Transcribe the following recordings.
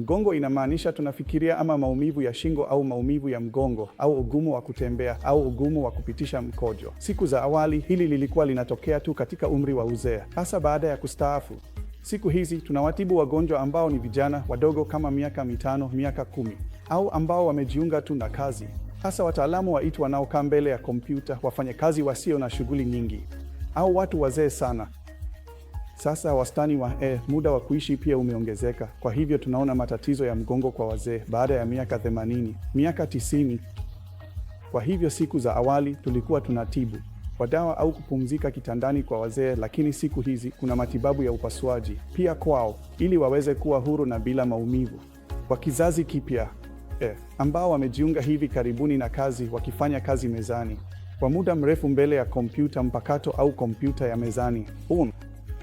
Mgongo inamaanisha tunafikiria ama maumivu ya shingo au maumivu ya mgongo au ugumu wa kutembea au ugumu wa kupitisha mkojo. Siku za awali hili lilikuwa linatokea tu katika umri wa uzee, hasa baada ya kustaafu. Siku hizi tunawatibu wagonjwa ambao ni vijana wadogo kama miaka mitano, miaka kumi au ambao wamejiunga tu na kazi, hasa wataalamu waitu wanaokaa mbele ya kompyuta, wafanyakazi wasio na shughuli nyingi au watu wazee sana. Sasa wastani wa eh, muda wa kuishi pia umeongezeka. Kwa hivyo tunaona matatizo ya mgongo kwa wazee baada ya miaka 80, miaka 90. Kwa hivyo siku za awali tulikuwa tunatibu kwa dawa au kupumzika kitandani kwa wazee, lakini siku hizi kuna matibabu ya upasuaji pia kwao ili waweze kuwa huru na bila maumivu. Kwa kizazi kipya eh, ambao wamejiunga hivi karibuni na kazi, wakifanya kazi mezani kwa muda mrefu mbele ya kompyuta mpakato au kompyuta ya mezani um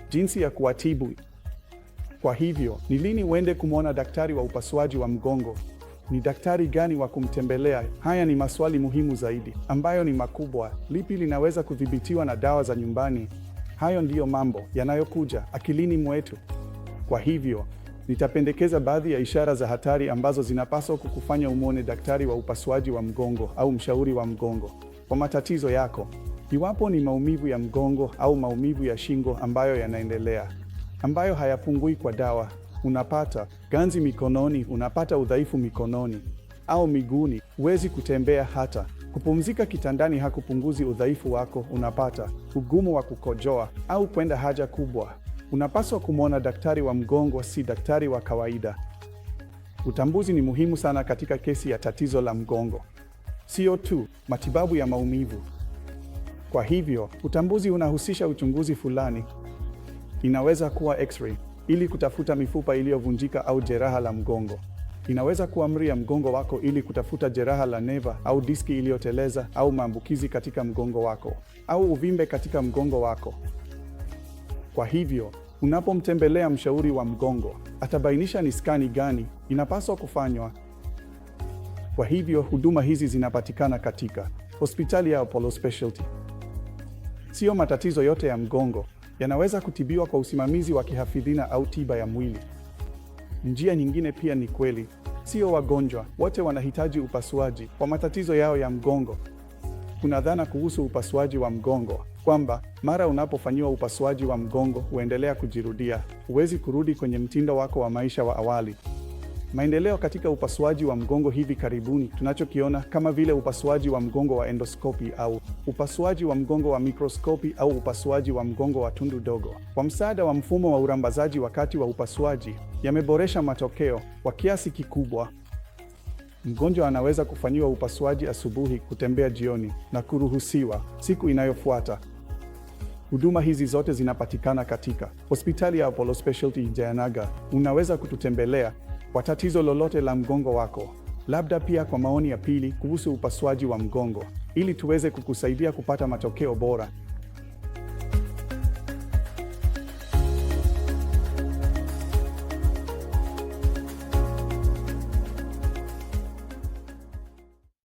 jinsi ya kuwatibu. Kwa hivyo, ni lini uende kumwona daktari wa upasuaji wa mgongo? Ni daktari gani wa kumtembelea? Haya ni maswali muhimu zaidi, ambayo ni makubwa. Lipi linaweza kudhibitiwa na dawa za nyumbani? Hayo ndiyo mambo yanayokuja akilini mwetu. Kwa hivyo, nitapendekeza baadhi ya ishara za hatari ambazo zinapaswa kukufanya umwone daktari wa upasuaji wa mgongo au mshauri wa mgongo kwa matatizo yako. Iwapo ni maumivu ya mgongo au maumivu ya shingo ambayo yanaendelea, ambayo hayapungui kwa dawa, unapata ganzi mikononi, unapata udhaifu mikononi au miguuni, huwezi kutembea hata kupumzika kitandani hakupunguzi udhaifu wako. Unapata ugumu wa kukojoa au kwenda haja kubwa. Unapaswa kumwona daktari wa mgongo, si daktari wa kawaida. Utambuzi ni muhimu sana katika kesi ya tatizo la mgongo, sio tu matibabu ya maumivu. Kwa hivyo utambuzi unahusisha uchunguzi fulani, inaweza kuwa x-ray ili kutafuta mifupa iliyovunjika au jeraha la mgongo. Inaweza kuwa mri ya mgongo wako ili kutafuta jeraha la neva au diski iliyoteleza au maambukizi katika mgongo wako au uvimbe katika mgongo wako. Kwa hivyo unapomtembelea mshauri wa mgongo, atabainisha ni skani gani inapaswa kufanywa. Kwa hivyo huduma hizi zinapatikana katika hospitali ya Apollo Specialty. Siyo matatizo yote ya mgongo yanaweza kutibiwa kwa usimamizi wa kihafidhina au tiba ya mwili. Njia nyingine pia ni kweli, sio wagonjwa wote wanahitaji upasuaji kwa matatizo yao ya mgongo. Kuna dhana kuhusu upasuaji wa mgongo kwamba mara unapofanyiwa upasuaji wa mgongo huendelea kujirudia, huwezi kurudi kwenye mtindo wako wa maisha wa awali. Maendeleo katika upasuaji wa mgongo hivi karibuni, tunachokiona kama vile upasuaji wa mgongo wa endoskopi au upasuaji wa mgongo wa mikroskopi au upasuaji wa mgongo wa tundu dogo kwa msaada wa mfumo wa urambazaji wakati wa upasuaji yameboresha matokeo kwa kiasi kikubwa. Mgonjwa anaweza kufanyiwa upasuaji asubuhi, kutembea jioni na kuruhusiwa siku inayofuata. Huduma hizi zote zinapatikana katika hospitali ya Apollo Specialty Jayanagar. Unaweza kututembelea kwa tatizo lolote la mgongo wako, labda pia kwa maoni ya pili kuhusu upasuaji wa mgongo ili tuweze kukusaidia kupata matokeo bora.